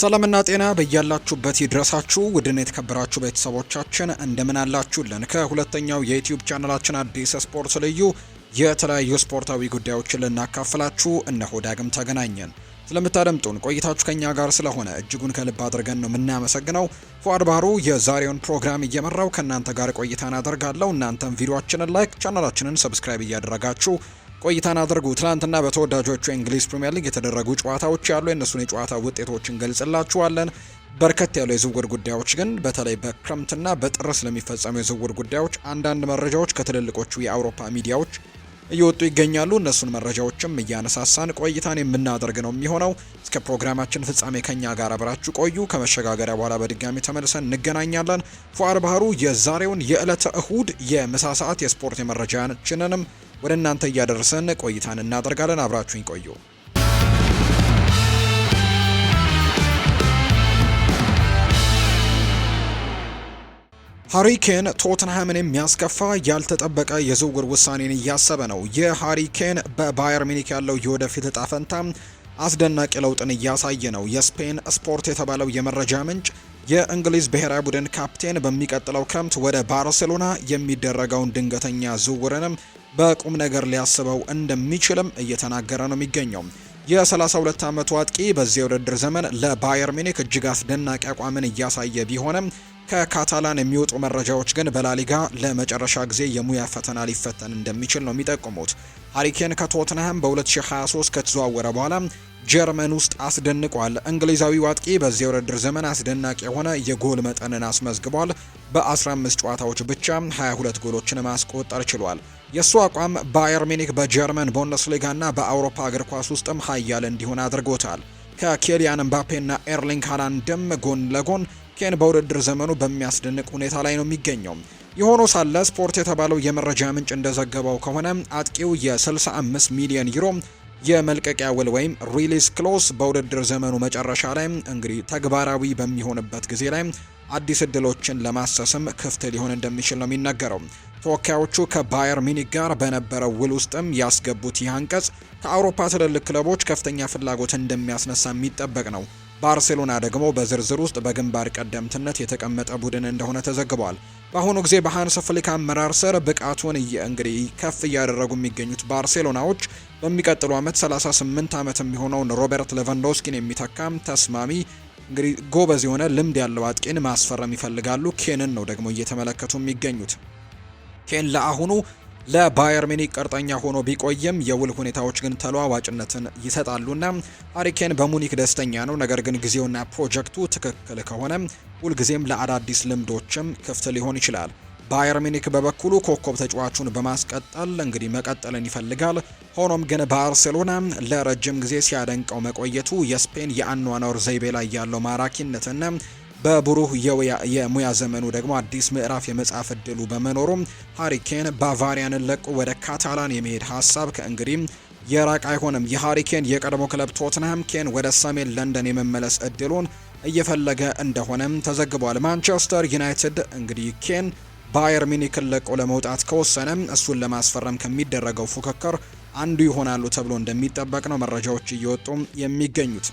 ሰላምና ጤና በያላችሁበት ይድረሳችሁ። ውድን የተከበራችሁ ቤተሰቦቻችን እንደምን አላችሁልን? ከሁለተኛው የዩትዩብ ቻናላችን አዲስ ስፖርት ልዩ የተለያዩ ስፖርታዊ ጉዳዮችን ልናካፍላችሁ እነሆ ዳግም ተገናኘን። ስለምታደምጡን ቆይታችሁ ከኛ ጋር ስለሆነ እጅጉን ከልብ አድርገን ነው የምናመሰግነው። ፏድ ባህሩ የዛሬውን ፕሮግራም እየመራው ከእናንተ ጋር ቆይታን አደርጋለሁ። እናንተም ቪዲዮችንን ላይክ፣ ቻናላችንን ሰብስክራይብ እያደረጋችሁ ቆይታን አድርጉ። ትናንትና በተወዳጆቹ የእንግሊዝ ፕሪምየር ሊግ የተደረጉ ጨዋታዎች ያሉ የእነሱን የጨዋታ ውጤቶችን እንገልጽላችኋለን። በርከት ያሉ የዝውውር ጉዳዮች ግን በተለይ በክረምትና በጥር ስለሚፈጸሙ የዝውውር ጉዳዮች አንዳንድ መረጃዎች ከትልልቆቹ የአውሮፓ ሚዲያዎች እየወጡ ይገኛሉ። እነሱን መረጃዎችም እያነሳሳን ቆይታን የምናደርግ ነው የሚሆነው። እስከ ፕሮግራማችን ፍጻሜ ከኛ ጋር አብራችሁ ቆዩ። ከመሸጋገሪያ በኋላ በድጋሚ ተመልሰን እንገናኛለን። ፉአር ባህሩ የዛሬውን የዕለተ እሁድ የምሳ ሰዓት የስፖርት የመረጃችንንም ወደ እናንተ እያደረሰን ቆይታን እናደርጋለን። አብራችሁኝ ቆዩ። ሃሪኬን ቶትንሃምን የሚያስከፋ ያልተጠበቀ የዝውውር ውሳኔን እያሰበ ነው። የሃሪኬን በባየር ሚኒክ ያለው የወደፊት እጣ ፈንታ አስደናቂ ለውጥን እያሳየ ነው። የስፔን ስፖርት የተባለው የመረጃ ምንጭ የእንግሊዝ ብሔራዊ ቡድን ካፕቴን በሚቀጥለው ክረምት ወደ ባርሴሎና የሚደረገውን ድንገተኛ ዝውውርንም በቁም ነገር ሊያስበው እንደሚችልም እየተናገረ ነው የሚገኘው። የ32 ዓመቱ አጥቂ በዚህ የውድድር ዘመን ለባየር ሚኒክ እጅግ አስደናቂ አቋምን እያሳየ ቢሆንም ከካታላን የሚወጡ መረጃዎች ግን በላሊጋ ለመጨረሻ ጊዜ የሙያ ፈተና ሊፈተን እንደሚችል ነው የሚጠቁሙት። ሀሪኬን ከቶትንሃም በ2023 ከተዘዋወረ በኋላ ጀርመን ውስጥ አስደንቋል። እንግሊዛዊ አጥቂ በዚህ የውድድር ዘመን አስደናቂ የሆነ የጎል መጠንን አስመዝግቧል። በ15 ጨዋታዎች ብቻ 22 ጎሎችን ማስቆጠር ችሏል። የእሱ አቋም ባየር ሚኒክ በጀርመን ቡንደስሊጋና በአውሮፓ እግር ኳስ ውስጥም ሀያል እንዲሆን አድርጎታል። ከኬሊያን ምባፔና ኤርሊንግ ሃላንድም ጎን ለጎን ኬን በውድድር ዘመኑ በሚያስደንቅ ሁኔታ ላይ ነው የሚገኘው። የሆኖ ሳለ ስፖርት የተባለው የመረጃ ምንጭ እንደዘገበው ከሆነ አጥቂው የ65 ሚሊዮን ዩሮ የመልቀቂያ ውል ወይም ሪሊስ ክሎስ በውድድር ዘመኑ መጨረሻ ላይ እንግዲህ ተግባራዊ በሚሆንበት ጊዜ ላይ አዲስ እድሎችን ለማሰስም ክፍት ሊሆን እንደሚችል ነው የሚነገረው። ተወካዮቹ ከባየር ሚኒክ ጋር በነበረው ውል ውስጥም ያስገቡት ይህ አንቀጽ ከአውሮፓ ትልልቅ ክለቦች ከፍተኛ ፍላጎት እንደሚያስነሳ የሚጠበቅ ነው። ባርሴሎና ደግሞ በዝርዝር ውስጥ በግንባር ቀደምትነት የተቀመጠ ቡድን እንደሆነ ተዘግቧል። በአሁኑ ጊዜ በሃንስ ፍሊክ አመራር ስር ብቃቱን እንግዲህ ከፍ እያደረጉ የሚገኙት ባርሴሎናዎች በሚቀጥሉ ዓመት 38 ዓመት የሚሆነውን ሮበርት ሌቫንዶስኪን የሚተካም ተስማሚ እንግዲህ ጎበዝ የሆነ ልምድ ያለው አጥቂን ማስፈረም ይፈልጋሉ። ኬንን ነው ደግሞ እየተመለከቱ የሚገኙት። ኬን ለአሁኑ ለባየር ሚኒክ ቀርጠኛ ሆኖ ቢቆይም የውል ሁኔታዎች ግን ተለዋዋጭነትን ይሰጣሉና አሪኬን በሙኒክ ደስተኛ ነው። ነገር ግን ጊዜውና ፕሮጀክቱ ትክክል ከሆነ ሁልጊዜም ለአዳዲስ ልምዶችም ክፍት ሊሆን ይችላል። ባየር ሚኒክ በበኩሉ ኮከብ ተጫዋቹን በማስቀጠል እንግዲህ መቀጠልን ይፈልጋል። ሆኖም ግን ባርሴሎና ለረጅም ጊዜ ሲያደንቀው መቆየቱ የስፔን የአኗኗር ዘይቤ ላይ ያለው ማራኪነትና በብሩህ የሙያ ዘመኑ ደግሞ አዲስ ምዕራፍ የመጻፍ እድሉ በመኖሩም ሃሪኬን ባቫሪያንን ለቆ ወደ ካታላን የመሄድ ሀሳብ ከእንግዲህ የራቅ አይሆንም። የሃሪኬን የቀድሞ ክለብ ቶትንሃም ኬን ወደ ሰሜን ለንደን የመመለስ እድሉን እየፈለገ እንደሆነም ተዘግቧል። ማንቸስተር ዩናይትድ እንግዲህ ኬን ባየር ሚኒክን ለቆ ለመውጣት ከወሰነ እሱን ለማስፈረም ከሚደረገው ፉክክር አንዱ ይሆናሉ ተብሎ እንደሚጠበቅ ነው መረጃዎች እየወጡ የሚገኙት።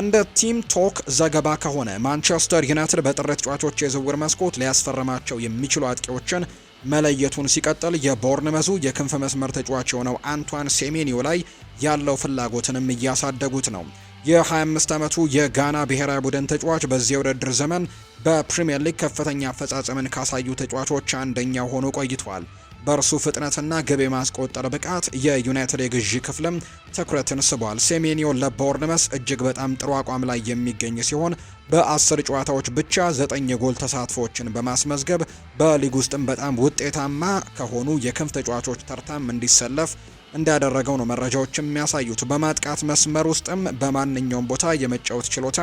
እንደ ቲም ቶክ ዘገባ ከሆነ ማንቸስተር ዩናይትድ በጥር ተጫዋቾች የዝውውር መስኮት ሊያስፈርማቸው የሚችሉ አጥቂዎችን መለየቱን ሲቀጥል የቦርንመዙ የክንፍ መስመር ተጫዋች የሆነው አንቷን ሴሜኒዮ ላይ ያለው ፍላጎትንም እያሳደጉት ነው። የ25 ዓመቱ የጋና ብሔራዊ ቡድን ተጫዋች በዚህ የውድድር ዘመን በፕሪምየር ሊግ ከፍተኛ አፈጻጸምን ካሳዩ ተጫዋቾች አንደኛው ሆኖ ቆይቷል። በእርሱ ፍጥነትና ግብ የማስቆጠር ብቃት የዩናይትድ የግዢ ክፍልም ትኩረትን ስቧል። ሴሜኒዮ ለቦርንመስ እጅግ በጣም ጥሩ አቋም ላይ የሚገኝ ሲሆን በአስር ጨዋታዎች ብቻ ዘጠኝ የጎል ተሳትፎችን በማስመዝገብ በሊግ ውስጥም በጣም ውጤታማ ከሆኑ የክንፍ ተጫዋቾች ተርታም እንዲሰለፍ እንዳደረገው ነው መረጃዎች የሚያሳዩት። በማጥቃት መስመር ውስጥም በማንኛውም ቦታ የመጫወት ችሎታ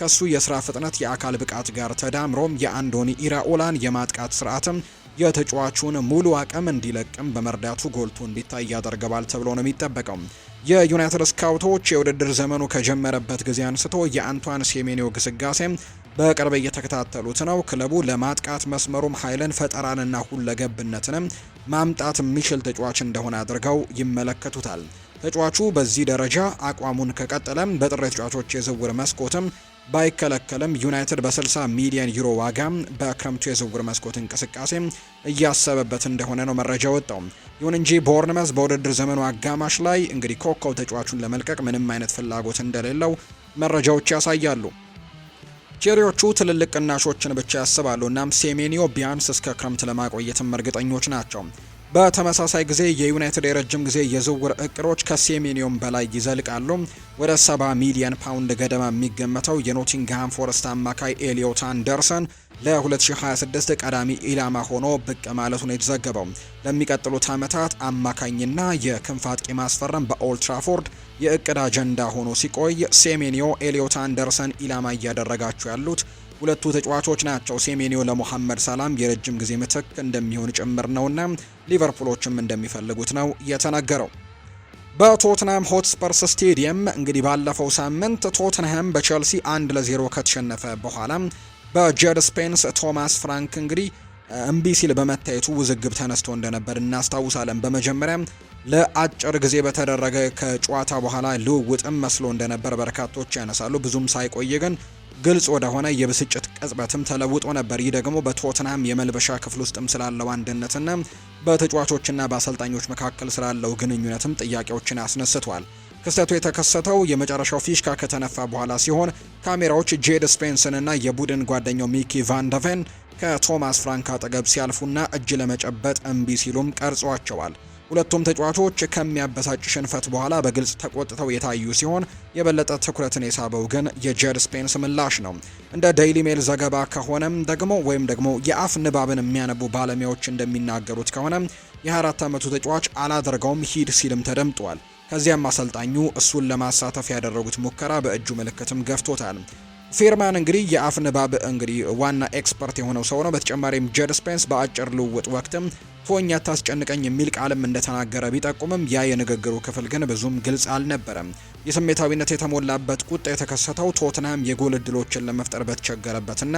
ከሱ የስራ ፍጥነት፣ የአካል ብቃት ጋር ተዳምሮም የአንዶኒ ኢራኦላን የማጥቃት ስርዓትም የተጫዋቹን ሙሉ አቅም እንዲለቅም በመርዳቱ ጎልቶ እንዲታይ ያደርገዋል ተብሎ ነው የሚጠበቀው። የዩናይትድ ስካውቶች የውድድር ዘመኑ ከጀመረበት ጊዜ አንስቶ የአንቷን ሴሜኒዮ ግስጋሴም በቅርብ እየተከታተሉት ነው። ክለቡ ለማጥቃት መስመሩም ኃይልን ፈጠራንና ሁለገብነትንም ማምጣት የሚችል ተጫዋች እንደሆነ አድርገው ይመለከቱታል። ተጫዋቹ በዚህ ደረጃ አቋሙን ከቀጠለም በጥር ተጫዋቾች የዝውውር መስኮትም ባይከለከልም ዩናይትድ በ60 ሚሊዮን ዩሮ ዋጋ በክረምቱ የዝውውር መስኮት እንቅስቃሴ እያሰበበት እንደሆነ ነው መረጃ ወጣው። ይሁን እንጂ ቦርንመስ በውድድር ዘመኑ አጋማሽ ላይ እንግዲህ ኮከው ተጫዋቹን ለመልቀቅ ምንም አይነት ፍላጎት እንደሌለው መረጃዎች ያሳያሉ። ቼሪዎቹ ትልልቅ ቅናሾችን ብቻ ያስባሉ። እናም ሴሜኒዮ ቢያንስ እስከ ክረምት ለማቆየትም እርግጠኞች ናቸው። በተመሳሳይ ጊዜ የዩናይትድ የረጅም ጊዜ የዝውውር እቅዶች ከሴሜኒዮም በላይ ይዘልቃሉ። ወደ 70 ሚሊዮን ፓውንድ ገደማ የሚገመተው የኖቲንግሃም ፎረስት አማካይ ኤሊዮት አንደርሰን ለ2026 ቀዳሚ ኢላማ ሆኖ ብቅ ማለቱ ነው የተዘገበው። ለሚቀጥሉት ዓመታት አማካኝና የክንፍ አጥቂ ማስፈረም በኦልትራፎርድ የእቅድ አጀንዳ ሆኖ ሲቆይ፣ ሴሜኒዮ ኤሊዮት አንደርሰን ኢላማ እያደረጋቸው ያሉት ሁለቱ ተጫዋቾች ናቸው። ሴሜኒዮ ለሞሐመድ ሳላም የረጅም ጊዜ ምትክ እንደሚሆን ጭምር ነውና ሊቨርፑሎችም እንደሚፈልጉት ነው የተነገረው። በቶትንሃም ሆትስፐርስ ስቴዲየም እንግዲህ ባለፈው ሳምንት ቶትንሃም በቼልሲ አንድ ለዜሮ ከተሸነፈ በኋላ በጀድ ስፔንስ ቶማስ ፍራንክ እንግዲህ እምቢ ሲል በመታየቱ ውዝግብ ተነስቶ እንደነበር እናስታውሳለን። በመጀመሪያ ለአጭር ጊዜ በተደረገ ከጨዋታ በኋላ ልውውጥም መስሎ እንደነበር በርካቶች ያነሳሉ። ብዙም ሳይቆይ ግን ግልጽ ወደሆነ የብስጭት ቅጽበትም ተለውጦ ነበር። ይህ ደግሞ በቶትናም የመልበሻ ክፍል ውስጥም ስላለው አንድነትና በተጫዋቾችና በአሰልጣኞች መካከል ስላለው ግንኙነትም ጥያቄዎችን አስነስቷል። ክስተቱ የተከሰተው የመጨረሻው ፊሽካ ከተነፋ በኋላ ሲሆን ካሜራዎች ጄድ እና የቡድን ጓደኛው ሚኪ ቫንደቨን ከቶማስ ፍራንክ አጠገብ ሲያልፉና እጅ ለመጨበጥ እምቢ ሲሉም ቀርጿቸዋል። ሁለቱም ተጫዋቾች ከሚያበሳጭ ሽንፈት በኋላ በግልጽ ተቆጥተው የታዩ ሲሆን የበለጠ ትኩረትን የሳበው ግን የጀድ ስፔንስ ምላሽ ነው። እንደ ዴይሊ ሜል ዘገባ ከሆነም ደግሞ ወይም ደግሞ የአፍ ንባብን የሚያነቡ ባለሙያዎች እንደሚናገሩት ከሆነ የ24 ዓመቱ ተጫዋች አላደርገውም ሂድ ሲልም ተደምጧል። ከዚያም አሰልጣኙ እሱን ለማሳተፍ ያደረጉት ሙከራ በእጁ ምልክትም ገፍቶታል። ፌርማን እንግዲህ የአፍ ንባብ እንግዲህ ዋና ኤክስፐርት የሆነው ሰው ነው። በተጨማሪም ጀድ ስፔንስ በአጭር ልውውጥ ወቅትም ፎኛ ታስጨንቀኝ የሚል ቃልም እንደተናገረ ቢጠቁምም ያ የንግግሩ ክፍል ግን ብዙም ግልጽ አልነበረም። የስሜታዊነት የተሞላበት ቁጣ የተከሰተው ቶትናም የጎል እድሎችን ለመፍጠር በተቸገረበትና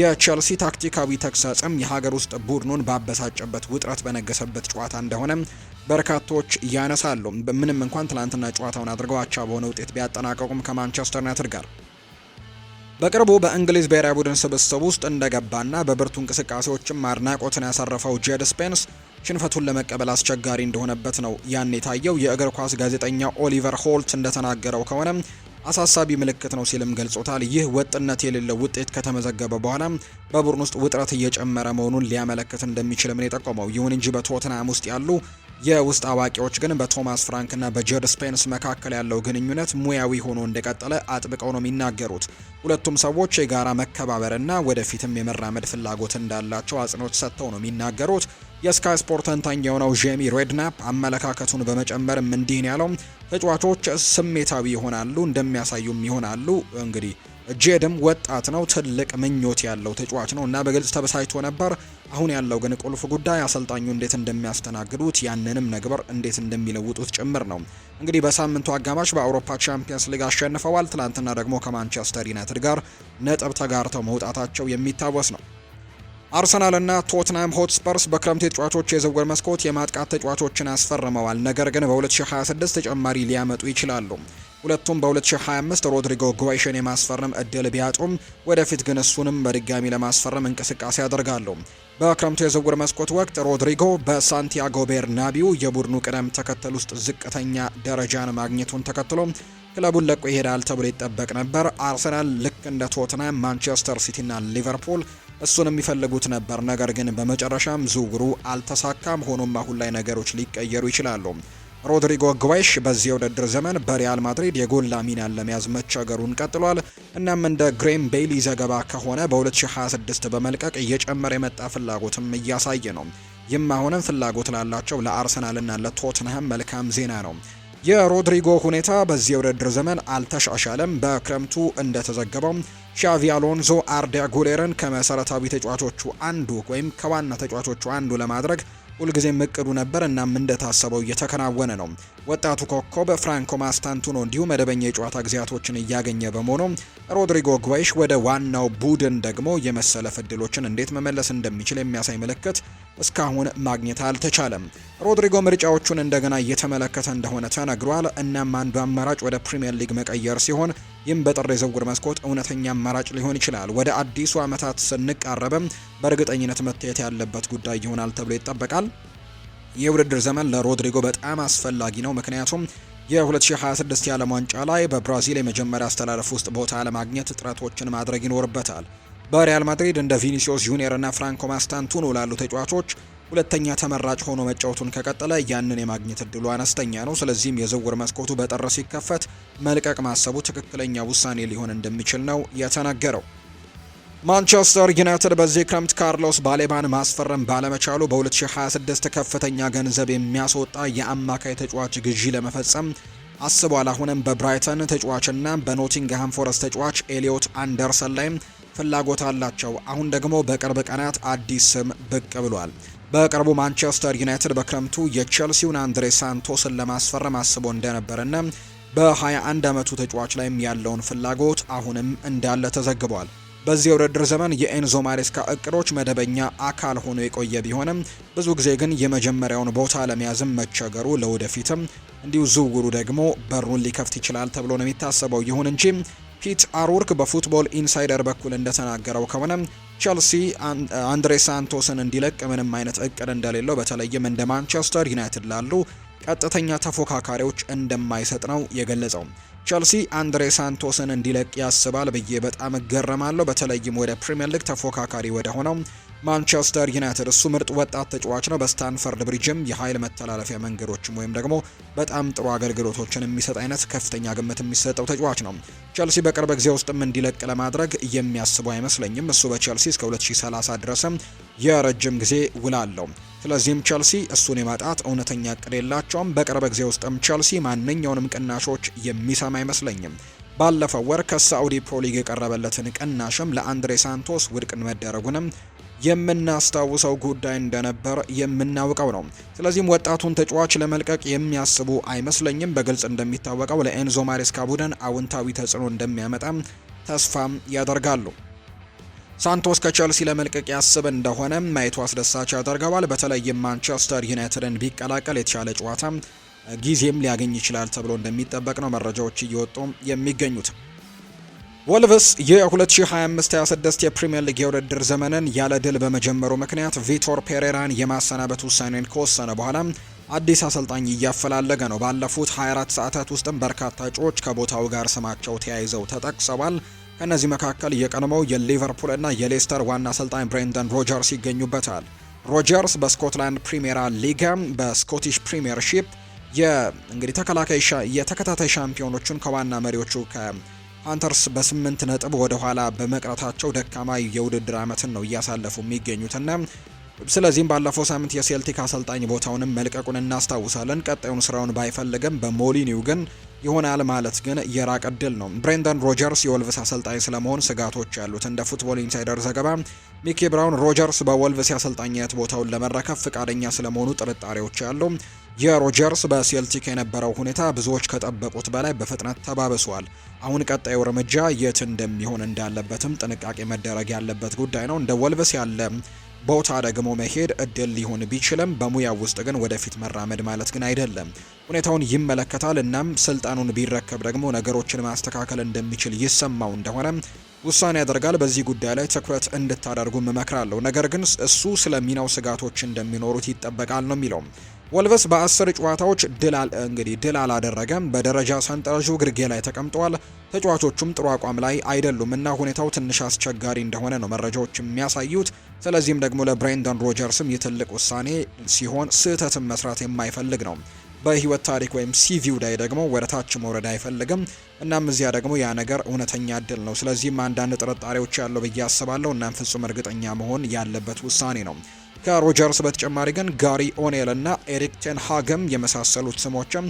የቼልሲ ታክቲካዊ ተግሳጽም የሀገር ውስጥ ቡድኑን ባበሳጨበት ውጥረት በነገሰበት ጨዋታ እንደሆነ በርካቶች ያነሳሉ። ምንም እንኳን ትናንትና ጨዋታውን አድርገው አቻ በሆነ ውጤት ቢያጠናቀቁም ከማንቸስተር ዩናይትድ ጋር በቅርቡ በእንግሊዝ ብሔራዊ ቡድን ስብስብ ውስጥ እንደገባና በብርቱ እንቅስቃሴዎችም አድናቆትን ያሳረፈው ጄድ ስፔንስ ሽንፈቱን ለመቀበል አስቸጋሪ እንደሆነበት ነው ያን የታየው። የእግር ኳስ ጋዜጠኛ ኦሊቨር ሆልት እንደተናገረው ከሆነ አሳሳቢ ምልክት ነው ሲልም ገልጾታል። ይህ ወጥነት የሌለው ውጤት ከተመዘገበ በኋላ በቡድን ውስጥ ውጥረት እየጨመረ መሆኑን ሊያመለክት እንደሚችልም ነው የጠቆመው። ይሁን እንጂ በቶትናም ውስጥ ያሉ የውስጥ አዋቂዎች ግን በቶማስ ፍራንክ እና በጀድ ስፔንስ መካከል ያለው ግንኙነት ሙያዊ ሆኖ እንደቀጠለ አጥብቀው ነው የሚናገሩት። ሁለቱም ሰዎች የጋራ መከባበርና ወደፊትም የመራመድ ፍላጎት እንዳላቸው አጽንኦት ሰጥተው ነው የሚናገሩት። የስካይ ስፖርት ተንታኝ የሆነው ጄሚ ሬድናፕ አመለካከቱን በመጨመርም እንዲህ ያለው ተጫዋቾች ስሜታዊ ይሆናሉ፣ እንደሚያሳዩም ይሆናሉ። እንግዲህ ጄድም ወጣት ነው፣ ትልቅ ምኞት ያለው ተጫዋች ነው እና በግልጽ ተበሳጭቶ ነበር አሁን ያለው ግን ቁልፍ ጉዳይ አሰልጣኙ እንዴት እንደሚያስተናግዱት ያንንም ነገር እንዴት እንደሚለውጡት ጭምር ነው። እንግዲህ በሳምንቱ አጋማሽ በአውሮፓ ቻምፒየንስ ሊግ አሸንፈዋል። ትናንትና ደግሞ ከማንቸስተር ዩናይትድ ጋር ነጥብ ተጋርተው መውጣታቸው የሚታወስ ነው። አርሰናል እና ቶትናም ሆትስፐርስ በክረምት ተጫዋቾች የዝውውር መስኮት የማጥቃት ተጫዋቾችን አስፈርመዋል። ነገር ግን በ2026 ተጨማሪ ሊያመጡ ይችላሉ። ሁለቱም በ2025 ሮድሪጎ ጉዋይሽን የማስፈረም እድል ቢያጡም ወደፊት ግን እሱንም በድጋሚ ለማስፈረም እንቅስቃሴ ያደርጋሉ። በክረምቱ የዝውውር መስኮት ወቅት ሮድሪጎ በሳንቲያጎ ቤርናቢው የቡድኑ ቅደም ተከተል ውስጥ ዝቅተኛ ደረጃን ማግኘቱን ተከትሎ ክለቡን ለቆ ይሄዳል ተብሎ ይጠበቅ ነበር። አርሰናል ልክ እንደ ቶትና፣ ማንቸስተር ሲቲና ሊቨርፑል እሱን የሚፈልጉት ነበር። ነገር ግን በመጨረሻም ዝውውሩ አልተሳካም። ሆኖም አሁን ላይ ነገሮች ሊቀየሩ ይችላሉ። ሮድሪጎ ጉዌሽ በዚህ የውድድር ዘመን በሪያል ማድሪድ የጎላ ሚናን ለመያዝ መቸገሩን ቀጥሏል። እናም እንደ ግሬም ቤይሊ ዘገባ ከሆነ በ2026 በመልቀቅ እየጨመረ የመጣ ፍላጎትም እያሳየ ነው። ይህም አሁንም ፍላጎት ላላቸው ለአርሰናልና ለቶትንሃም መልካም ዜና ነው። የሮድሪጎ ሁኔታ በዚህ የውድድር ዘመን አልተሻሻለም። በክረምቱ እንደተዘገበው ሻቪ አሎንዞ አርዳ ጉሌርን ከመሰረታዊ ተጫዋቾቹ አንዱ ወይም ከዋና ተጫዋቾቹ አንዱ ለማድረግ ሁልጊዜም እቅዱ ነበር እናም እንደታሰበው እየተከናወነ ነው። ወጣቱ ኮከብ ፍራንኮ ማስታንቱኖ እንዲሁ መደበኛ የጨዋታ ጊዜያቶችን እያገኘ በመሆኑ ሮድሪጎ ጓይሽ ወደ ዋናው ቡድን ደግሞ የመሰለፍ እድሎችን እንዴት መመለስ እንደሚችል የሚያሳይ ምልክት እስካሁን ማግኘት አልተቻለም። ሮድሪጎ ምርጫዎቹን እንደገና እየተመለከተ እንደሆነ ተነግሯል። እናም አንዱ አማራጭ ወደ ፕሪምየር ሊግ መቀየር ሲሆን ይህም በጥር የዝውውር መስኮት እውነተኛ አማራጭ ሊሆን ይችላል። ወደ አዲሱ ዓመታት ስንቃረብም በእርግጠኝነት መታየት ያለበት ጉዳይ ይሆናል ተብሎ ይጠበቃል። የውድድር ዘመን ለሮድሪጎ በጣም አስፈላጊ ነው፣ ምክንያቱም የ2026 የዓለም ዋንጫ ላይ በብራዚል የመጀመሪያ አስተላለፍ ውስጥ ቦታ ለማግኘት ጥረቶችን ማድረግ ይኖርበታል። በሪያል ማድሪድ እንደ ቪኒሲዮስ ጁኒየር እና ፍራንኮ ማስታንቱኖ ላሉ ተጫዋቾች ሁለተኛ ተመራጭ ሆኖ መጫወቱን ከቀጠለ ያንን የማግኘት እድሉ አነስተኛ ነው። ስለዚህም የዝውውር መስኮቱ በጥር ሲከፈት መልቀቅ ማሰቡ ትክክለኛ ውሳኔ ሊሆን እንደሚችል ነው የተናገረው። ማንቸስተር ዩናይትድ በዚህ ክረምት ካርሎስ ባሌባን ማስፈረም ባለመቻሉ በ2026 ከፍተኛ ገንዘብ የሚያስወጣ የአማካይ ተጫዋች ግዢ ለመፈጸም አስቧል። አሁንም በብራይተን ተጫዋችና በኖቲንግሃም ፎረስት ተጫዋች ኤሊዮት አንደርሰን ላይም ፍላጎት አላቸው። አሁን ደግሞ በቅርብ ቀናት አዲስ ስም ብቅ ብሏል። በቅርቡ ማንቸስተር ዩናይትድ በክረምቱ የቼልሲውን አንድሬ ሳንቶስን ለማስፈረም አስቦ እንደነበረና በ21 ዓመቱ ተጫዋች ላይም ያለውን ፍላጎት አሁንም እንዳለ ተዘግቧል። በዚህ የውድድር ዘመን የኤንዞ ማሬስካ እቅዶች መደበኛ አካል ሆኖ የቆየ ቢሆንም ብዙ ጊዜ ግን የመጀመሪያውን ቦታ ለመያዝም መቸገሩ ለወደፊትም እንዲሁ ዝውውሩ ደግሞ በሩን ሊከፍት ይችላል ተብሎ ነው የሚታሰበው። ይሁን እንጂ ፒት አሩርክ በፉትቦል ኢንሳይደር በኩል እንደተናገረው ከሆነ ቸልሲ አንድሬ ሳንቶስን እንዲለቅ ምንም አይነት እቅድ እንደሌለው በተለይም እንደ ማንቸስተር ዩናይትድ ላሉ ቀጥተኛ ተፎካካሪዎች እንደማይሰጥ ነው የገለጸው። ቸልሲ አንድሬ ሳንቶስን እንዲለቅ ያስባል ብዬ በጣም እገረማለሁ። በተለይም ወደ ፕሪምየር ሊግ ተፎካካሪ ወደ ሆነው ማንቸስተር ዩናይትድ እሱ ምርጥ ወጣት ተጫዋች ነው። በስታንፈርድ ብሪጅም የኃይል መተላለፊያ መንገዶችም ወይም ደግሞ በጣም ጥሩ አገልግሎቶችን የሚሰጥ አይነት ከፍተኛ ግምት የሚሰጠው ተጫዋች ነው። ቸልሲ በቅርብ ጊዜ ውስጥም እንዲለቅ ለማድረግ የሚያስቡ አይመስለኝም። እሱ በቸልሲ እስከ 2030 ድረስም የረጅም ጊዜ ውል አለው። ስለዚህም ቸልሲ እሱን የማጣት እውነተኛ እቅድ የላቸውም። በቅርብ ጊዜ ውስጥም ቸልሲ ማንኛውንም ቅናሾች የሚሰማ አይመስለኝም። ባለፈው ወር ከሳዑዲ ፕሮሊግ የቀረበለትን ቅናሽም ለአንድሬ ሳንቶስ ውድቅን መደረጉንም የምናስታውሰው ጉዳይ እንደነበር የምናውቀው ነው። ስለዚህም ወጣቱን ተጫዋች ለመልቀቅ የሚያስቡ አይመስለኝም። በግልጽ እንደሚታወቀው ለኤንዞ ማሬስካ ቡድን አውንታዊ ተጽዕኖ እንደሚያመጣም ተስፋም ያደርጋሉ። ሳንቶስ ከቸልሲ ለመልቀቅ ያስብ እንደሆነ ማየቱ አስደሳች ያደርገዋል። በተለይም ማንቸስተር ዩናይትድን ቢቀላቀል የተሻለ ጨዋታ ጊዜም ሊያገኝ ይችላል ተብሎ እንደሚጠበቅ ነው መረጃዎች እየወጡ የሚገኙት። ወልቭስ የ2025/26 የፕሪምየር ሊግ የውድድር ዘመንን ያለ ድል በመጀመሩ ምክንያት ቪቶር ፔሬራን የማሰናበት ውሳኔን ከወሰነ በኋላ አዲስ አሰልጣኝ እያፈላለገ ነው። ባለፉት 24 ሰዓታት ውስጥም በርካታ እጩዎች ከቦታው ጋር ስማቸው ተያይዘው ተጠቅሰዋል። ከእነዚህ መካከል የቀድሞው የሊቨርፑል እና የሌስተር ዋና አሰልጣኝ ብሬንደን ሮጀርስ ይገኙበታል። ሮጀርስ በስኮትላንድ ፕሪሚየራ ሊጋ በስኮቲሽ ፕሪሚየርሺፕ የእንግዲህ ተከላካይ የተከታታይ ሻምፒዮኖቹን ከዋና መሪዎቹ ከ አንተርስ በስምንት ነጥብ ወደ ኋላ በመቅረታቸው ደካማ የውድድር ዓመትን ነው እያሳለፉ የሚገኙትና ስለዚህም ባለፈው ሳምንት የሴልቲክ አሰልጣኝ ቦታውንም መልቀቁን እናስታውሳለን። ቀጣዩን ስራውን ባይፈልግም በሞሊኒው ግን ይሆናል ማለት ግን የራቀ እድል ነው። ብሬንደን ሮጀርስ የወልቭስ አሰልጣኝ ስለመሆን ስጋቶች ያሉት እንደ ፉትቦል ኢንሳይደር ዘገባ ሚኬ ብራውን ሮጀርስ በወልቭስ የአሰልጣኝነት ቦታውን ለመረከብ ፍቃደኛ ስለመሆኑ ጥርጣሬዎች አሉ። የሮጀርስ በሴልቲክ የነበረው ሁኔታ ብዙዎች ከጠበቁት በላይ በፍጥነት ተባብሷል። አሁን ቀጣዩ እርምጃ የት እንደሚሆን እንዳለበትም ጥንቃቄ መደረግ ያለበት ጉዳይ ነው። እንደ ወልቭስ ያለ ቦታ ደግሞ መሄድ እድል ሊሆን ቢችልም በሙያው ውስጥ ግን ወደፊት መራመድ ማለት ግን አይደለም። ሁኔታውን ይመለከታል። እናም ስልጣኑን ቢረከብ ደግሞ ነገሮችን ማስተካከል እንደሚችል ይሰማው እንደሆነ ውሳኔ ያደርጋል። በዚህ ጉዳይ ላይ ትኩረት እንድታደርጉ እመክራለሁ። ነገር ግን እሱ ስለሚናው ስጋቶች እንደሚኖሩት ይጠበቃል ነው የሚለው ወልቨስ በአስር ጨዋታዎች ድላል እንግዲህ ድል አላደረገም። በደረጃ ሰንጠረዡ ግርጌ ላይ ተቀምጠዋል። ተጫዋቾቹም ጥሩ አቋም ላይ አይደሉም እና ሁኔታው ትንሽ አስቸጋሪ እንደሆነ ነው መረጃዎች የሚያሳዩት። ስለዚህም ደግሞ ለብሬንደን ሮጀርስም የትልቅ ውሳኔ ሲሆን ስህተትን መስራት የማይፈልግ ነው። በህይወት ታሪክ ወይም ሲቪው ላይ ደግሞ ወደ ታች መውረድ አይፈልግም። እናም እዚያ ደግሞ ያ ነገር እውነተኛ እድል ነው። ስለዚህም አንዳንድ ጥርጣሬዎች ያለው ብዬ አስባለሁ። እናም ፍጹም እርግጠኛ መሆን ያለበት ውሳኔ ነው። ከሮጀርስ በተጨማሪ ግን ጋሪ ኦኔል እና ኤሪክ ቴንሃግም የመሳሰሉት ስሞችም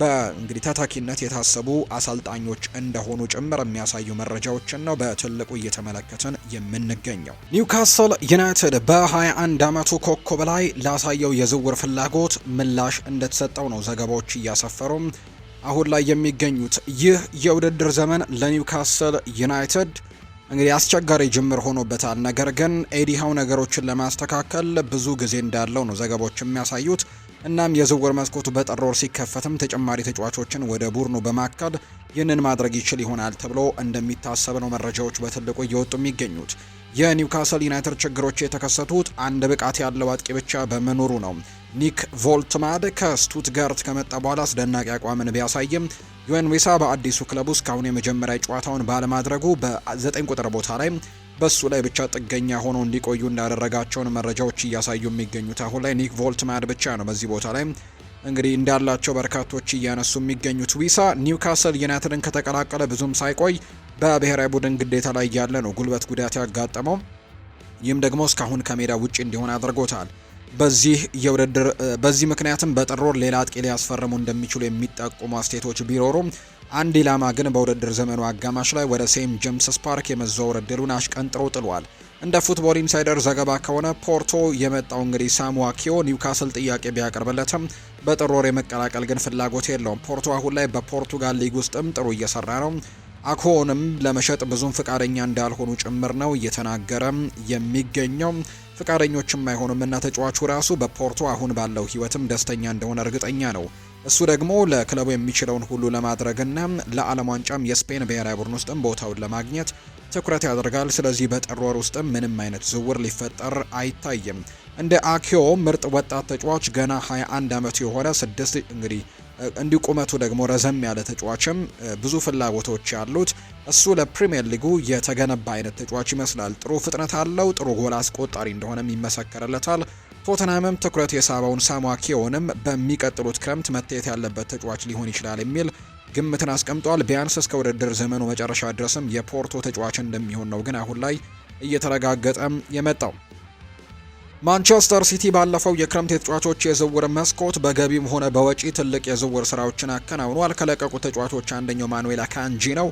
በእንግዲህ ተተኪነት የታሰቡ አሰልጣኞች እንደሆኑ ጭምር የሚያሳዩ መረጃዎችን ነው በትልቁ እየተመለከትን የምንገኘው። ኒውካስል ዩናይትድ በ21 ዓመቱ ኮከብ ላይ ላሳየው የዝውውር ፍላጎት ምላሽ እንደተሰጠው ነው ዘገባዎች እያሰፈሩም አሁን ላይ የሚገኙት። ይህ የውድድር ዘመን ለኒውካስል ዩናይትድ እንግዲህ አስቸጋሪ ጅምር ሆኖበታል። ነገር ግን ኤዲሃው ነገሮችን ለማስተካከል ብዙ ጊዜ እንዳለው ነው ዘገባዎች የሚያሳዩት። እናም የዝውውር መስኮቱ በጥር ወር ሲከፈትም ተጨማሪ ተጫዋቾችን ወደ ቡድኑ በማከል ይህንን ማድረግ ይችል ይሆናል ተብሎ እንደሚታሰብ ነው መረጃዎች በትልቁ እየወጡ የሚገኙት። የኒውካስል ዩናይትድ ችግሮች የተከሰቱት አንድ ብቃት ያለው አጥቂ ብቻ በመኖሩ ነው። ኒክ ቮልትማድ ከስቱትጋርት ከመጣ በኋላ አስደናቂ አቋምን ቢያሳይም ዩኤን ዊሳ በአዲሱ ክለብ ውስጥ ካሁን የመጀመሪያ ጨዋታውን ባለማድረጉ በዘጠኝ ቁጥር ቦታ ላይ በሱ ላይ ብቻ ጥገኛ ሆኖ እንዲቆዩ እንዳደረጋቸውን መረጃዎች እያሳዩ የሚገኙት አሁን ላይ ኒክ ቮልትማድ ብቻ ነው በዚህ ቦታ ላይ እንግዲህ እንዳላቸው በርካቶች እያነሱ የሚገኙት ዊሳ ኒውካስል ዩናይትድን ከተቀላቀለ ብዙም ሳይቆይ በብሔራዊ ቡድን ግዴታ ላይ ያለ ነው ጉልበት ጉዳት ያጋጠመው። ይህም ደግሞ እስካሁን ከሜዳ ውጭ እንዲሆን አድርጎታል። በዚህ የውድድር በዚህ ምክንያትም በጥር ወር ሌላ አጥቂ ሊያስፈርሙ እንደሚችሉ የሚጠቁሙ አስተያየቶች ቢኖሩም አንድ ኢላማ ግን በውድድር ዘመኑ አጋማሽ ላይ ወደ ሴም ጄምስስ ፓርክ የመዘዋወር እድሉን አሽቀንጥሮ ጥሏል። እንደ ፉትቦል ኢንሳይደር ዘገባ ከሆነ ፖርቶ የመጣው እንግዲህ ሳሙዋ ኪዮ ኒውካስል ጥያቄ ቢያቀርብለትም በጥር ወር የመቀላቀል ግን ፍላጎት የለውም። ፖርቶ አሁን ላይ በፖርቱጋል ሊግ ውስጥም ጥሩ እየሰራ ነው። አኮንም ለመሸጥ ብዙም ፈቃደኛ እንዳልሆኑ ጭምር ነው እየተናገረም የሚገኘው። ፍቃደኞችም አይሆኑም እና ተጫዋቹ ራሱ በፖርቶ አሁን ባለው ህይወትም ደስተኛ እንደሆነ እርግጠኛ ነው። እሱ ደግሞ ለክለቡ የሚችለውን ሁሉ ለማድረግና ለዓለም ዋንጫም የስፔን ብሔራዊ ቡድን ውስጥም ቦታውን ለማግኘት ትኩረት ያደርጋል። ስለዚህ በጥር ወር ውስጥም ምንም አይነት ዝውውር ሊፈጠር አይታይም። እንደ አኪዮ ምርጥ ወጣት ተጫዋች ገና 21 ዓመቱ የሆነ ስድስት እንግዲህ እንዲሁ ቁመቱ ደግሞ ረዘም ያለ ተጫዋችም ብዙ ፍላጎቶች ያሉት እሱ ለፕሪምየር ሊጉ የተገነባ አይነት ተጫዋች ይመስላል። ጥሩ ፍጥነት አለው፣ ጥሩ ጎል አስቆጣሪ እንደሆነም ይመሰከርለታል። ቶተናምም ትኩረት የሳበውን ሳሟኪዮንም በሚቀጥሉት ክረምት መታየት ያለበት ተጫዋች ሊሆን ይችላል የሚል ግምትን አስቀምጧል። ቢያንስ እስከ ውድድር ዘመኑ መጨረሻ ድረስም የፖርቶ ተጫዋች እንደሚሆን ነው ግን አሁን ላይ እየተረጋገጠም የመጣው ማንቸስተር ሲቲ ባለፈው የክረምት የተጫዋቾች የዝውውር መስኮት በገቢም ሆነ በወጪ ትልቅ የዝውውር ስራዎችን አከናውኗል። ከለቀቁ ተጫዋቾች አንደኛው ማኑኤል አካንጂ ነው።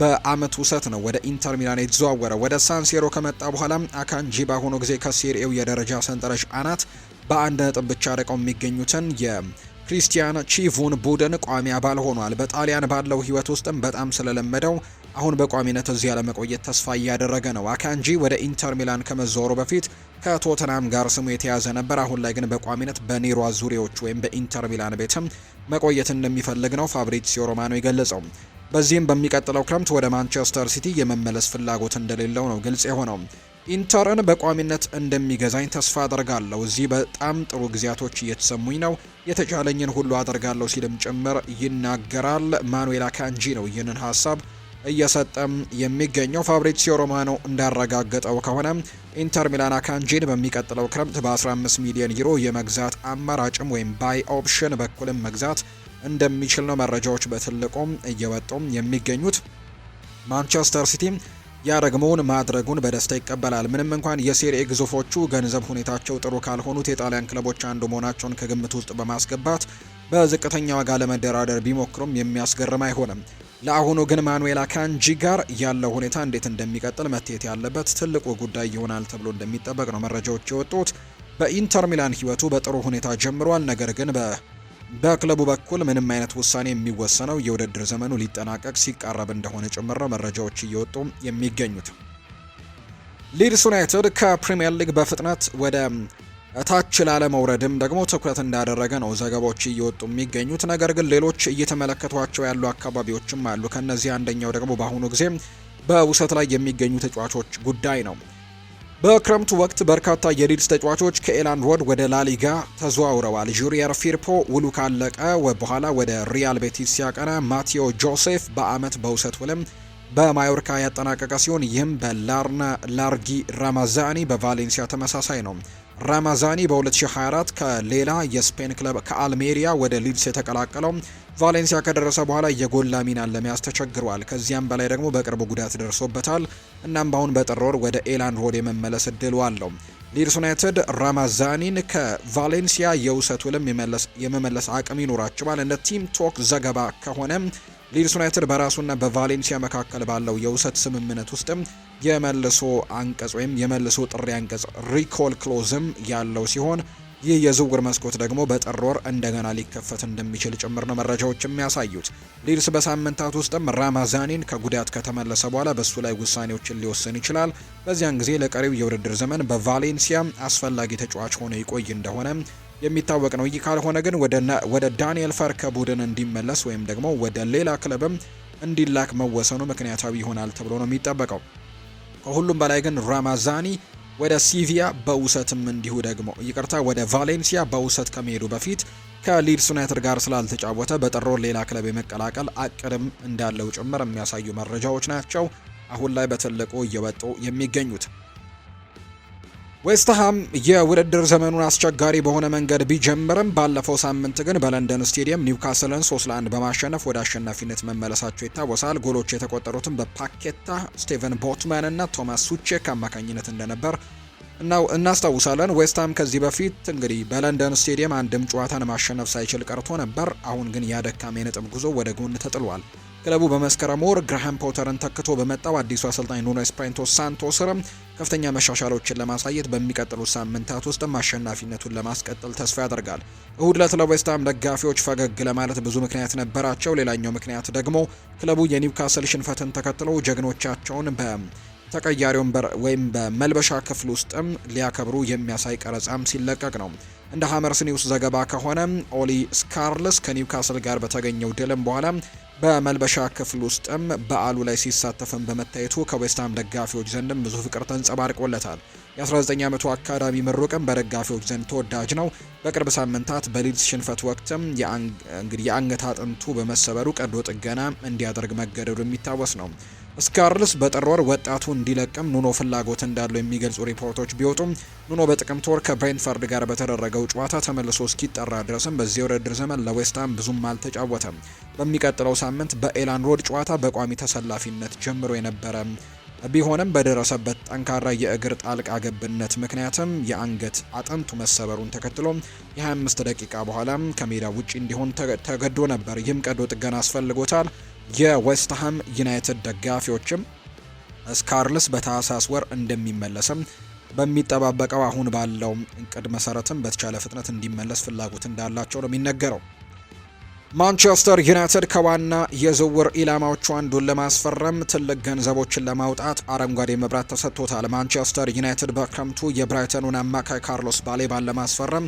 በአመት ውሰት ነው ወደ ኢንተር ሚላን የተዘዋወረ። ወደ ሳንሲሮ ከመጣ በኋላ አካንጂ በአሁኑ ጊዜ ከሴሪኤው የደረጃ ሰንጠረዥ አናት በአንድ ነጥብ ብቻ ርቀው የሚገኙትን የክሪስቲያን ቺቮን ቡድን ቋሚ አባል ሆኗል። በጣሊያን ባለው ህይወት ውስጥም በጣም ስለለመደው አሁን በቋሚነት እዚያ ለመቆየት ተስፋ እያደረገ ነው። አካንጂ ወደ ኢንተር ሚላን ከመዞሩ በፊት ከቶተናም ጋር ስሙ የተያዘ ነበር። አሁን ላይ ግን በቋሚነት በኔሮ አዙሪዎች ወይም በኢንተር ሚላን ቤትም መቆየት እንደሚፈልግ ነው ፋብሪዚዮ ሮማኖ የገለጸው። በዚህም በሚቀጥለው ክረምት ወደ ማንቸስተር ሲቲ የመመለስ ፍላጎት እንደሌለው ነው ግልጽ የሆነው። ኢንተርን በቋሚነት እንደሚገዛኝ ተስፋ አደርጋለሁ። እዚህ በጣም ጥሩ ጊዜያቶች እየተሰሙኝ ነው። የተቻለኝን ሁሉ አደርጋለሁ ሲልም ጭምር ይናገራል። ማኑኤል አካንጂ ነው ይህንን ሀሳብ እየሰጠም የሚገኘው ፋብሪሲዮ ሮማኖ እንዳረጋገጠው ከሆነ ኢንተር ሚላን አካንጂን በሚቀጥለው ክረምት በ15 ሚሊዮን ዩሮ የመግዛት አማራጭም ወይም ባይ ኦፕሽን በኩልም መግዛት እንደሚችል ነው መረጃዎች በትልቁም እየወጡም የሚገኙት። ማንቸስተር ሲቲ ያደረግመውን ማድረጉን በደስታ ይቀበላል። ምንም እንኳን የሴሪኤ ግዙፎቹ ገንዘብ ሁኔታቸው ጥሩ ካልሆኑት የጣሊያን ክለቦች አንዱ መሆናቸውን ከግምት ውስጥ በማስገባት በዝቅተኛ ዋጋ ለመደራደር ቢሞክሩም የሚያስገርም አይሆንም። ለአሁኑ ግን ማኑኤል አካንጂ ጋር ያለው ሁኔታ እንዴት እንደሚቀጥል መታየት ያለበት ትልቁ ጉዳይ ይሆናል ተብሎ እንደሚጠበቅ ነው መረጃዎች የወጡት። በኢንተር ሚላን ህይወቱ በጥሩ ሁኔታ ጀምሯል። ነገር ግን በክለቡ በኩል ምንም አይነት ውሳኔ የሚወሰነው የውድድር ዘመኑ ሊጠናቀቅ ሲቃረብ እንደሆነ ጭምር ነው መረጃዎች እየወጡ የሚገኙት። ሊድስ ዩናይትድ ከፕሪምየር ሊግ በፍጥነት ወደ ታች ላለመውረድም ደግሞ ትኩረት እንዳደረገ ነው ዘገባዎች እየወጡ የሚገኙት። ነገር ግን ሌሎች እየተመለከቷቸው ያሉ አካባቢዎችም አሉ። ከነዚህ አንደኛው ደግሞ በአሁኑ ጊዜ በውሰት ላይ የሚገኙ ተጫዋቾች ጉዳይ ነው። በክረምቱ ወቅት በርካታ የሊድስ ተጫዋቾች ከኤላንድ ሮድ ወደ ላሊጋ ተዘዋውረዋል። ጁሪየር ፊርፖ ውሉ ካለቀ በኋላ ወደ ሪያል ቤቲስ ሲያቀና፣ ማቴዎ ጆሴፍ በአመት በውሰት ውልም በማዮርካ ያጠናቀቀ ሲሆን ይህም በላርና ላርጊ ራማዛኒ በቫሌንሲያ ተመሳሳይ ነው። ራማዛኒ በ2024 ከሌላ የስፔን ክለብ ከአልሜሪያ ወደ ሊድስ የተቀላቀለው ቫሌንሲያ ከደረሰ በኋላ የጎላ ሚናን ለመያዝ ተቸግሯል። ከዚያም በላይ ደግሞ በቅርቡ ጉዳት ደርሶበታል። እናም በአሁን በጥር ወር ወደ ኤላን ሮድ የመመለስ እድሉ አለው። ሊድስ ዩናይትድ ራማዛኒን ከቫሌንሲያ የውሰት ውልም የመመለስ አቅም ይኖራቸዋል። እንደ ቲም ቶክ ዘገባ ከሆነም። ሊድስ ዩናይትድ በራሱና በቫሌንሲያ መካከል ባለው የውሰት ስምምነት ውስጥም የመልሶ አንቀጽ ወይም የመልሶ ጥሪ አንቀጽ ሪኮል ክሎዝም ያለው ሲሆን ይህ የዝውውር መስኮት ደግሞ በጥር ወር እንደገና ሊከፈት እንደሚችል ጭምር ነው መረጃዎች የሚያሳዩት። ሊድስ በሳምንታት ውስጥም ራማዛኒን ከጉዳት ከተመለሰ በኋላ በእሱ ላይ ውሳኔዎችን ሊወስን ይችላል። በዚያን ጊዜ ለቀሪው የውድድር ዘመን በቫሌንሲያ አስፈላጊ ተጫዋች ሆኖ ይቆይ እንደሆነ የሚታወቅ ነው። ይህ ካልሆነ ግን ወደ ዳንኤል ፈርከ ቡድን እንዲመለስ ወይም ደግሞ ወደ ሌላ ክለብም እንዲላክ መወሰኑ ምክንያታዊ ይሆናል ተብሎ ነው የሚጠበቀው። ከሁሉም በላይ ግን ራማዛኒ ወደ ሲቪያ በውሰትም እንዲሁ ደግሞ ይቅርታ ወደ ቫሌንሲያ በውሰት ከመሄዱ በፊት ከሊድስ ዩናይትድ ጋር ስላልተጫወተ በጥር ሌላ ክለብ የመቀላቀል አቅድም እንዳለው ጭምር የሚያሳዩ መረጃዎች ናቸው አሁን ላይ በትልቁ እየወጡ የሚገኙት። ዌስትሃም የውድድር ዘመኑን አስቸጋሪ በሆነ መንገድ ቢጀምርም ባለፈው ሳምንት ግን በለንደን ስቴዲየም ኒውካስልን 3 ለ1 በማሸነፍ ወደ አሸናፊነት መመለሳቸው ይታወሳል። ጎሎች የተቆጠሩትም በፓኬታ፣ ስቴቨን ቦትማን እና ቶማስ ሱቼክ አማካኝነት እንደነበር እናው እናስታውሳለን። ዌስትሃም ከዚህ በፊት እንግዲህ በለንደን ስቴዲየም አንድም ጨዋታን ማሸነፍ ሳይችል ቀርቶ ነበር። አሁን ግን ያደካማ የነጥብ ጉዞ ወደ ጎን ተጥሏል። ክለቡ በመስከረም ወር ግራሃም ፖተርን ተክቶ በመጣው አዲሱ አሰልጣኝ ኑኖ ኤስፒሪቶ ሳንቶ ስርም ከፍተኛ መሻሻሎችን ለማሳየት በሚቀጥሉት ሳምንታት ውስጥም አሸናፊነቱን ለማስቀጠል ተስፋ ያደርጋል። እሁድ ዕለት ለዌስትሃም ደጋፊዎች ፈገግ ለማለት ብዙ ምክንያት ነበራቸው። ሌላኛው ምክንያት ደግሞ ክለቡ የኒውካስል ሽንፈትን ተከትሎ ጀግኖቻቸውን በተቀያሪ ወንበር ወይም በመልበሻ ክፍል ውስጥም ሊያከብሩ የሚያሳይ ቀረጻም ሲለቀቅ ነው። እንደ ሀመርስ ኒውስ ዘገባ ከሆነ ኦሊ ስካርልስ ከኒውካስል ጋር በተገኘው ድልም በኋላ በመልበሻ ክፍል ውስጥም በዓሉ ላይ ሲሳተፍም በመታየቱ ከዌስትሃም ደጋፊዎች ዘንድም ብዙ ፍቅር ተንጸባርቆለታል። የ19 ዓመቱ አካዳሚ ምሩቅም በደጋፊዎች ዘንድ ተወዳጅ ነው። በቅርብ ሳምንታት በሊድስ ሽንፈት ወቅትም እንግዲህ የአንገት አጥንቱ በመሰበሩ ቀዶ ጥገና እንዲያደርግ መገደዱ የሚታወስ ነው። ስካርልስ በጥር ወር ወጣቱ እንዲለቅም ኑኖ ፍላጎት እንዳለው የሚገልጹ ሪፖርቶች ቢወጡም ኑኖ በጥቅምት ወር ከብሬንፈርድ ጋር በተደረገው ጨዋታ ተመልሶ እስኪጠራ ድረስም በዚህ ውድድር ዘመን ለዌስትሃም ብዙም አልተጫወተም። በሚቀጥለው ሳምንት በኤላን ሮድ ጨዋታ በቋሚ ተሰላፊነት ጀምሮ የነበረ ቢሆንም በደረሰበት ጠንካራ የእግር ጣልቃ ገብነት ምክንያትም የአንገት አጥንቱ መሰበሩን ተከትሎ የ25 ደቂቃ በኋላ ከሜዳ ውጪ እንዲሆን ተገዶ ነበር። ይህም ቀዶ ጥገና አስፈልጎታል። የዌስትሃም ዩናይትድ ደጋፊዎችም ስካርልስ በታህሳስ ወር እንደሚመለስም በሚጠባበቀው አሁን ባለው እቅድ መሰረትም በተቻለ ፍጥነት እንዲመለስ ፍላጎት እንዳላቸው ነው የሚነገረው። ማንቸስተር ዩናይትድ ከዋና የዝውውር ኢላማዎቹ አንዱን ለማስፈረም ትልቅ ገንዘቦችን ለማውጣት አረንጓዴ መብራት ተሰጥቶታል። ማንቸስተር ዩናይትድ በክረምቱ የብራይተኑን አማካይ ካርሎስ ባሌባን ለማስፈረም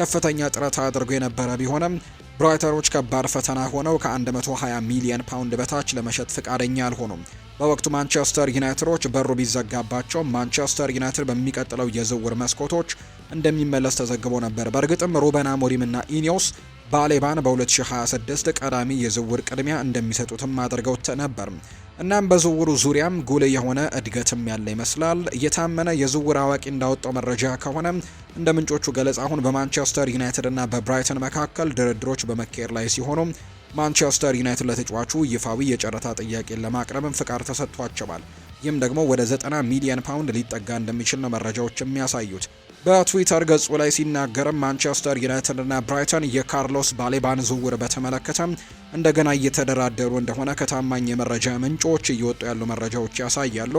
ከፍተኛ ጥረት አድርጎ የነበረ ቢሆንም ብራይተኖች ከባድ ፈተና ሆነው ከ120 ሚሊዮን ፓውንድ በታች ለመሸጥ ፍቃደኛ አልሆኑም። በወቅቱ ማንቸስተር ዩናይትዶች በሩ ቢዘጋባቸውም ማንቸስተር ዩናይትድ በሚቀጥለው የዝውውር መስኮቶች እንደሚመለስ ተዘግቦ ነበር። በእርግጥም ሩበን አሞሪምና ኢኒዮስ ባሌባን በ2026 ቀዳሚ የዝውውር ቅድሚያ እንደሚሰጡትም አድርገው ነበር። እናም በዝውውሩ ዙሪያም ጉል የሆነ እድገትም ያለ ይመስላል። እየታመነ የዝውውር አዋቂ እንዳወጣው መረጃ ከሆነ እንደ ምንጮቹ ገለጻ አሁን በማንቸስተር ዩናይትድ እና በብራይተን መካከል ድርድሮች በመካሄድ ላይ ሲሆኑ ማንቸስተር ዩናይትድ ለተጫዋቹ ይፋዊ የጨረታ ጥያቄን ለማቅረብም ፍቃድ ተሰጥቷቸዋል። ይህም ደግሞ ወደ 90 ሚሊዮን ፓውንድ ሊጠጋ እንደሚችል ነው መረጃዎች የሚያሳዩት። በትዊተር ገጹ ላይ ሲናገርም ማንቸስተር ዩናይትድ እና ብራይተን የካርሎስ ባሌባን ዝውውር በተመለከተ እንደገና እየተደራደሩ እንደሆነ ከታማኝ የመረጃ ምንጮች እየወጡ ያሉ መረጃዎች ያሳያሉ።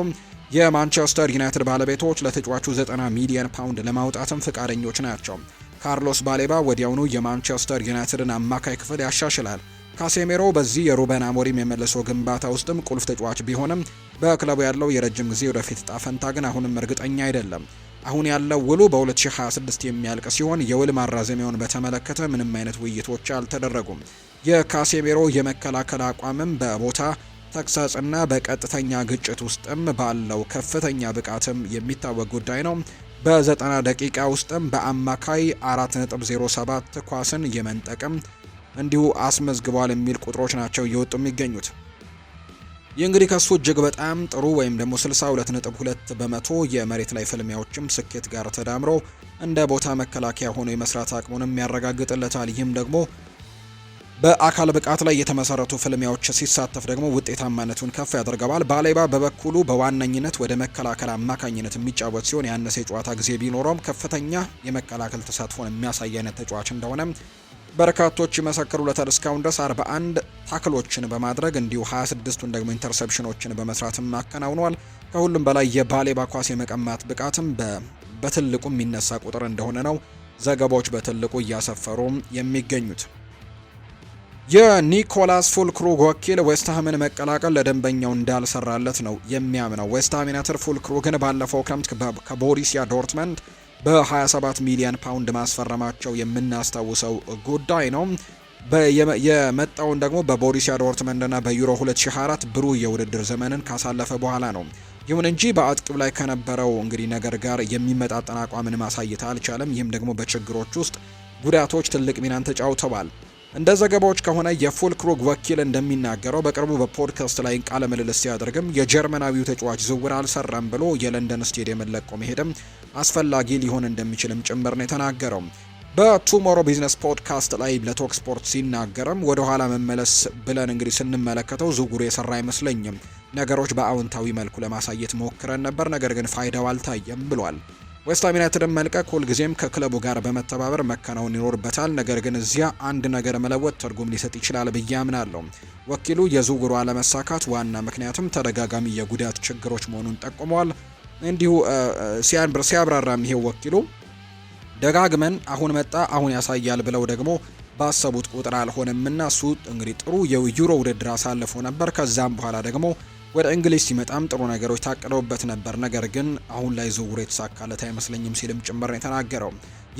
የማንቸስተር ዩናይትድ ባለቤቶች ለተጫዋቹ 90 ሚሊዮን ፓውንድ ለማውጣትም ፍቃደኞች ናቸው። ካርሎስ ባሌባ ወዲያውኑ የማንቸስተር ዩናይትድን አማካይ ክፍል ያሻሽላል። ካሴሜሮ በዚህ የሩበን አሞሪም የመልሶ ግንባታ ውስጥም ቁልፍ ተጫዋች ቢሆንም በክለቡ ያለው የረጅም ጊዜ ወደፊት ጣፈንታ ግን አሁንም እርግጠኛ አይደለም። አሁን ያለው ውሉ በ2026 የሚያልቅ ሲሆን የውል ማራዘሚያውን በተመለከተ ምንም አይነት ውይይቶች አልተደረጉም። የካሴሜሮ የመከላከል አቋምም በቦታ ተግሳጽና በቀጥተኛ ግጭት ውስጥም ባለው ከፍተኛ ብቃትም የሚታወቅ ጉዳይ ነው። በ90 ደቂቃ ውስጥም በአማካይ 4.07 ኳስን የመንጠቅም እንዲሁ አስመዝግቧል የሚል ቁጥሮች ናቸው እየወጡ የሚገኙት። ይህ እንግዲህ ከሱ እጅግ በጣም ጥሩ ወይም ደግሞ 62.2 በመቶ የመሬት ላይ ፍልሚያዎችም ስኬት ጋር ተዳምሮ እንደ ቦታ መከላከያ ሆኖ የመስራት አቅሙንም ያረጋግጥለታል። ይህም ደግሞ በአካል ብቃት ላይ የተመሰረቱ ፍልሚያዎች ሲሳተፍ ደግሞ ውጤታማነቱን ከፍ ያደርገዋል። ባሌባ በበኩሉ በዋነኝነት ወደ መከላከል አማካኝነት የሚጫወት ሲሆን ያነሰ የጨዋታ ጊዜ ቢኖረውም ከፍተኛ የመከላከል ተሳትፎን የሚያሳይ አይነት ተጫዋች እንደሆነ በርካቶች ይመሰክሩለታል። እስካሁን ድረስ 41 ታክሎችን በማድረግ እንዲሁ 26ቱን ደግሞ ኢንተርሰፕሽኖችን በመስራትም አከናውኗል። ከሁሉም በላይ የባሌባ ኳስ የመቀማት ብቃትም በትልቁ የሚነሳ ቁጥር እንደሆነ ነው ዘገባዎች በትልቁ እያሰፈሩ የሚገኙት። የኒኮላስ ፉልክሩግ ወኪል ዌስትሃምን መቀላቀል ለደንበኛው እንዳልሰራለት ነው የሚያምነው። ዌስትሃም ዩናይትድ ፉልክሩግን ባለፈው ክረምት ከቦሪሲያ ዶርትመንድ በ27 ሚሊዮን ፓውንድ ማስፈረማቸው የምናስታውሰው ጉዳይ ነው። የመጣውን ደግሞ በቦሩሲያ ዶርትመንድና በዩሮ 2024 ብሩ የውድድር ዘመንን ካሳለፈ በኋላ ነው። ይሁን እንጂ በአጥቂው ላይ ከነበረው እንግዲህ ነገር ጋር የሚመጣጠን አቋምን ማሳየት አልቻለም። ይህም ደግሞ በችግሮች ውስጥ ጉዳቶች ትልቅ ሚናን ተጫውተዋል። እንደ ዘገባዎች ከሆነ የፉልክሩግ ወኪል እንደሚናገረው በቅርቡ በፖድካስት ላይ ቃለ ምልልስ ሲያደርግም የጀርመናዊው ተጫዋች ዝውውር አልሰራም ብሎ የለንደን ስቴዲየምን ለቆ መሄድም አስፈላጊ ሊሆን እንደሚችልም ጭምር ነው የተናገረው። በቱሞሮ ቢዝነስ ፖድካስት ላይ ለቶክ ስፖርት ሲናገርም ወደኋላ መመለስ ብለን እንግዲህ ስንመለከተው ዝውውሩ የሰራ አይመስለኝም። ነገሮች በአዎንታዊ መልኩ ለማሳየት ሞክረን ነበር፣ ነገር ግን ፋይዳው አልታየም ብሏል። ዌስትሃም ዩናይትድን መልቀቅ ሁልጊዜም ከክለቡ ጋር በመተባበር መከናወን ይኖርበታል። ነገር ግን እዚያ አንድ ነገር መለወጥ ትርጉም ሊሰጥ ይችላል ብዬ አምናለሁ። ወኪሉ የዝውውሩ አለመሳካት ዋና ምክንያትም ተደጋጋሚ የጉዳት ችግሮች መሆኑን ጠቁመዋል። እንዲሁ ሲያብራራም ይሄው ወኪሉ ደጋግመን አሁን መጣ አሁን ያሳያል ብለው ደግሞ ባሰቡት ቁጥር አልሆነምና እሱ እንግዲህ ጥሩ የዩሮ ውድድር አሳልፎ ነበር። ከዛም በኋላ ደግሞ ወደ እንግሊዝ ሲመጣም ጥሩ ነገሮች ታቅደውበት ነበር፣ ነገር ግን አሁን ላይ ዝውውሩ የተሳካለት አይመስለኝም ሲልም ጭምር ነው የተናገረው።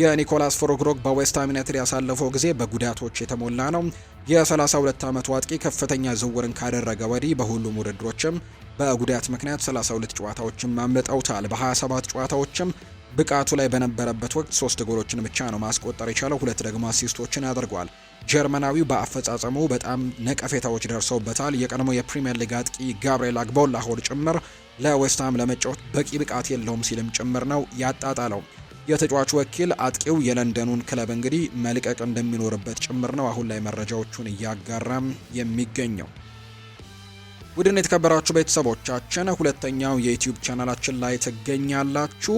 የኒኮላስ ፎሮግሮግ በዌስትሃም ዩናይትድ ያሳለፈው ጊዜ በጉዳቶች የተሞላ ነው። የ32 ዓመቱ አጥቂ ከፍተኛ ዝውውርን ካደረገ ወዲህ በሁሉም ውድድሮችም በጉዳት ምክንያት 32 ጨዋታዎችን ማምለጠውታል። በ27 ጨዋታዎችም ብቃቱ ላይ በነበረበት ወቅት ሶስት ጎሎችን ብቻ ነው ማስቆጠር የቻለው፣ ሁለት ደግሞ አሲስቶችን አድርጓል። ጀርመናዊው በአፈጻጸሙ በጣም ነቀፌታዎች ደርሰውበታል። የቀድሞ የፕሪምየር ሊግ አጥቂ ጋብርኤል አግቦላ ሆድ ጭምር ለዌስትሃም ለመጫወት በቂ ብቃት የለውም ሲልም ጭምር ነው ያጣጣለው። የተጫዋቹ ወኪል አጥቂው የለንደኑን ክለብ እንግዲህ መልቀቅ እንደሚኖርበት ጭምር ነው አሁን ላይ መረጃዎቹን እያጋራም የሚገኘው። ውድን የተከበራችሁ ቤተሰቦቻችን ሁለተኛው የዩትዩብ ቻናላችን ላይ ትገኛላችሁ።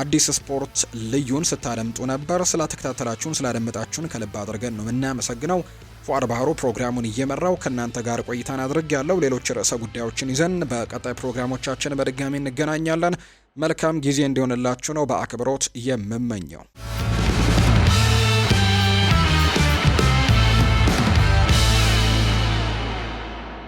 አዲስ ስፖርት ልዩን ስታደምጡ ነበር። ስላተከታተላችሁን ስላደመጣችሁን ከልብ አድርገን ነው የምናመሰግነው። ፏር ባህሩ ፕሮግራሙን እየመራው ከእናንተ ጋር ቆይታን አድርግ ያለው ሌሎች ርዕሰ ጉዳዮችን ይዘን በቀጣይ ፕሮግራሞቻችን በድጋሚ እንገናኛለን። መልካም ጊዜ እንዲሆንላችሁ ነው በአክብሮት የምመኘው።